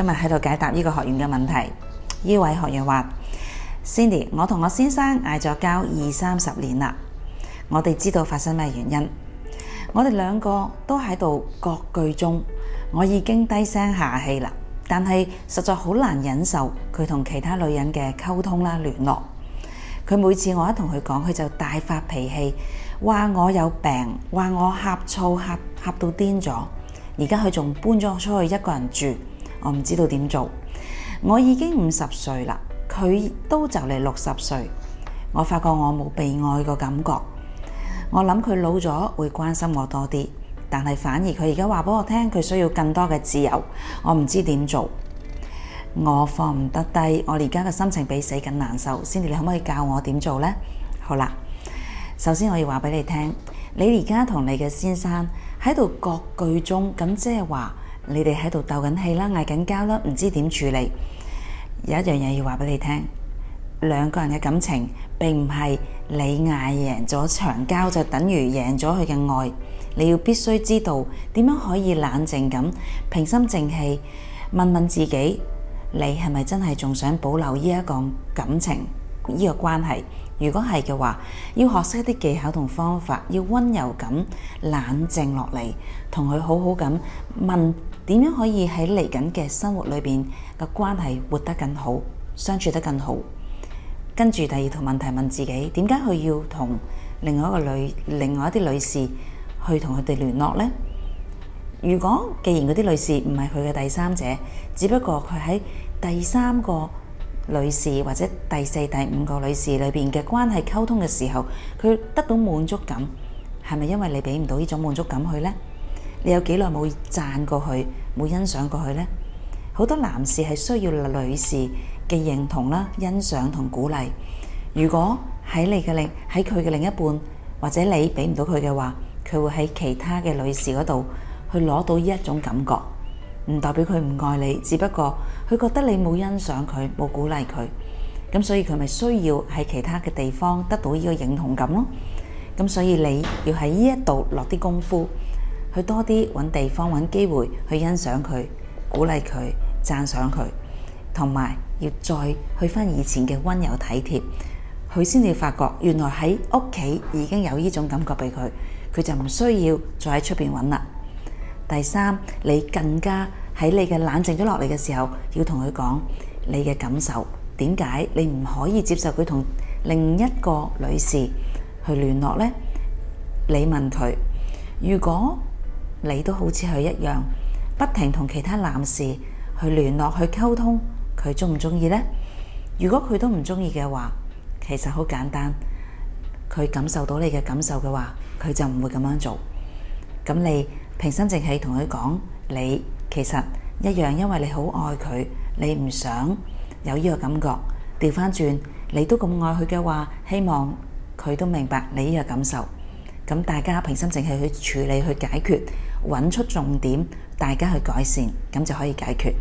今日喺度解答呢個學員嘅問題。呢位學員話：Cindy，我同我先生嗌咗交二三十年啦。我哋知道發生咩原因。我哋兩個都喺度各據中，我已經低聲下氣啦。但係實在好難忍受佢同其他女人嘅溝通啦、聯絡。佢每次我一同佢講，佢就大發脾氣，話我有病，話我呷醋、呷呷到癲咗。而家佢仲搬咗出去一個人住。我唔知道點做，我已經五十歲啦，佢都就嚟六十歲，我發覺我冇被愛個感覺，我諗佢老咗會關心我多啲，但係反而佢而家話俾我聽，佢需要更多嘅自由，我唔知點做，我放唔得低，我而家嘅心情比死更難受。先至你可唔可以教我點做呢？好啦，首先我要話俾你聽，你而家同你嘅先生喺度各句中，咁即係話。你哋喺度鬥緊氣啦，嗌緊交啦，唔知點處理？有一樣嘢要話俾你聽，兩個人嘅感情並唔係你嗌贏咗場交就等於贏咗佢嘅愛。你要必須知道點樣可以冷靜咁平心靜氣，問問自己，你係咪真係仲想保留呢一個感情，呢個關係？如果係嘅話，要學識一啲技巧同方法，要溫柔咁冷靜落嚟，同佢好好咁問點樣可以喺嚟緊嘅生活裏邊嘅關係活得更好，相處得更好。跟住第二套問題問自己，點解佢要同另外一個女，另外一啲女士去同佢哋聯絡呢？如果既然嗰啲女士唔係佢嘅第三者，只不過佢喺第三個。女士或者第四、第五個女士裏邊嘅關係溝通嘅時候，佢得到滿足感，係咪因為你俾唔到呢種滿足感佢呢？你有幾耐冇讚過佢，冇欣賞過佢呢？好多男士係需要女士嘅認同啦、欣賞同鼓勵。如果喺你嘅另喺佢嘅另一半或者你俾唔到佢嘅話，佢會喺其他嘅女士嗰度去攞到呢一種感覺。唔代表佢唔愛你，只不過佢覺得你冇欣賞佢，冇鼓勵佢，咁所以佢咪需要喺其他嘅地方得到呢個認同感咯。咁所以你要喺呢一度落啲功夫，去多啲搵地方搵機會去欣賞佢、鼓勵佢、讚賞佢，同埋要再去翻以前嘅溫柔體貼，佢先至發覺原來喺屋企已經有呢種感覺俾佢，佢就唔需要再喺出邊搵啦。第三，你更加喺你嘅冷靜咗落嚟嘅時候，要同佢講你嘅感受。點解你唔可以接受佢同另一個女士去聯絡咧？你問佢，如果你都好似佢一樣不停同其他男士去聯絡去溝通，佢中唔中意咧？如果佢都唔中意嘅話，其實好簡單，佢感受到你嘅感受嘅話，佢就唔會咁樣做。咁你？平心靜氣同佢講，你其實一樣，因為你好愛佢，你唔想有呢個感覺。調翻轉，你都咁愛佢嘅話，希望佢都明白你呢個感受。咁大家平心靜氣去處理去解決，揾出重點，大家去改善，咁就可以解決。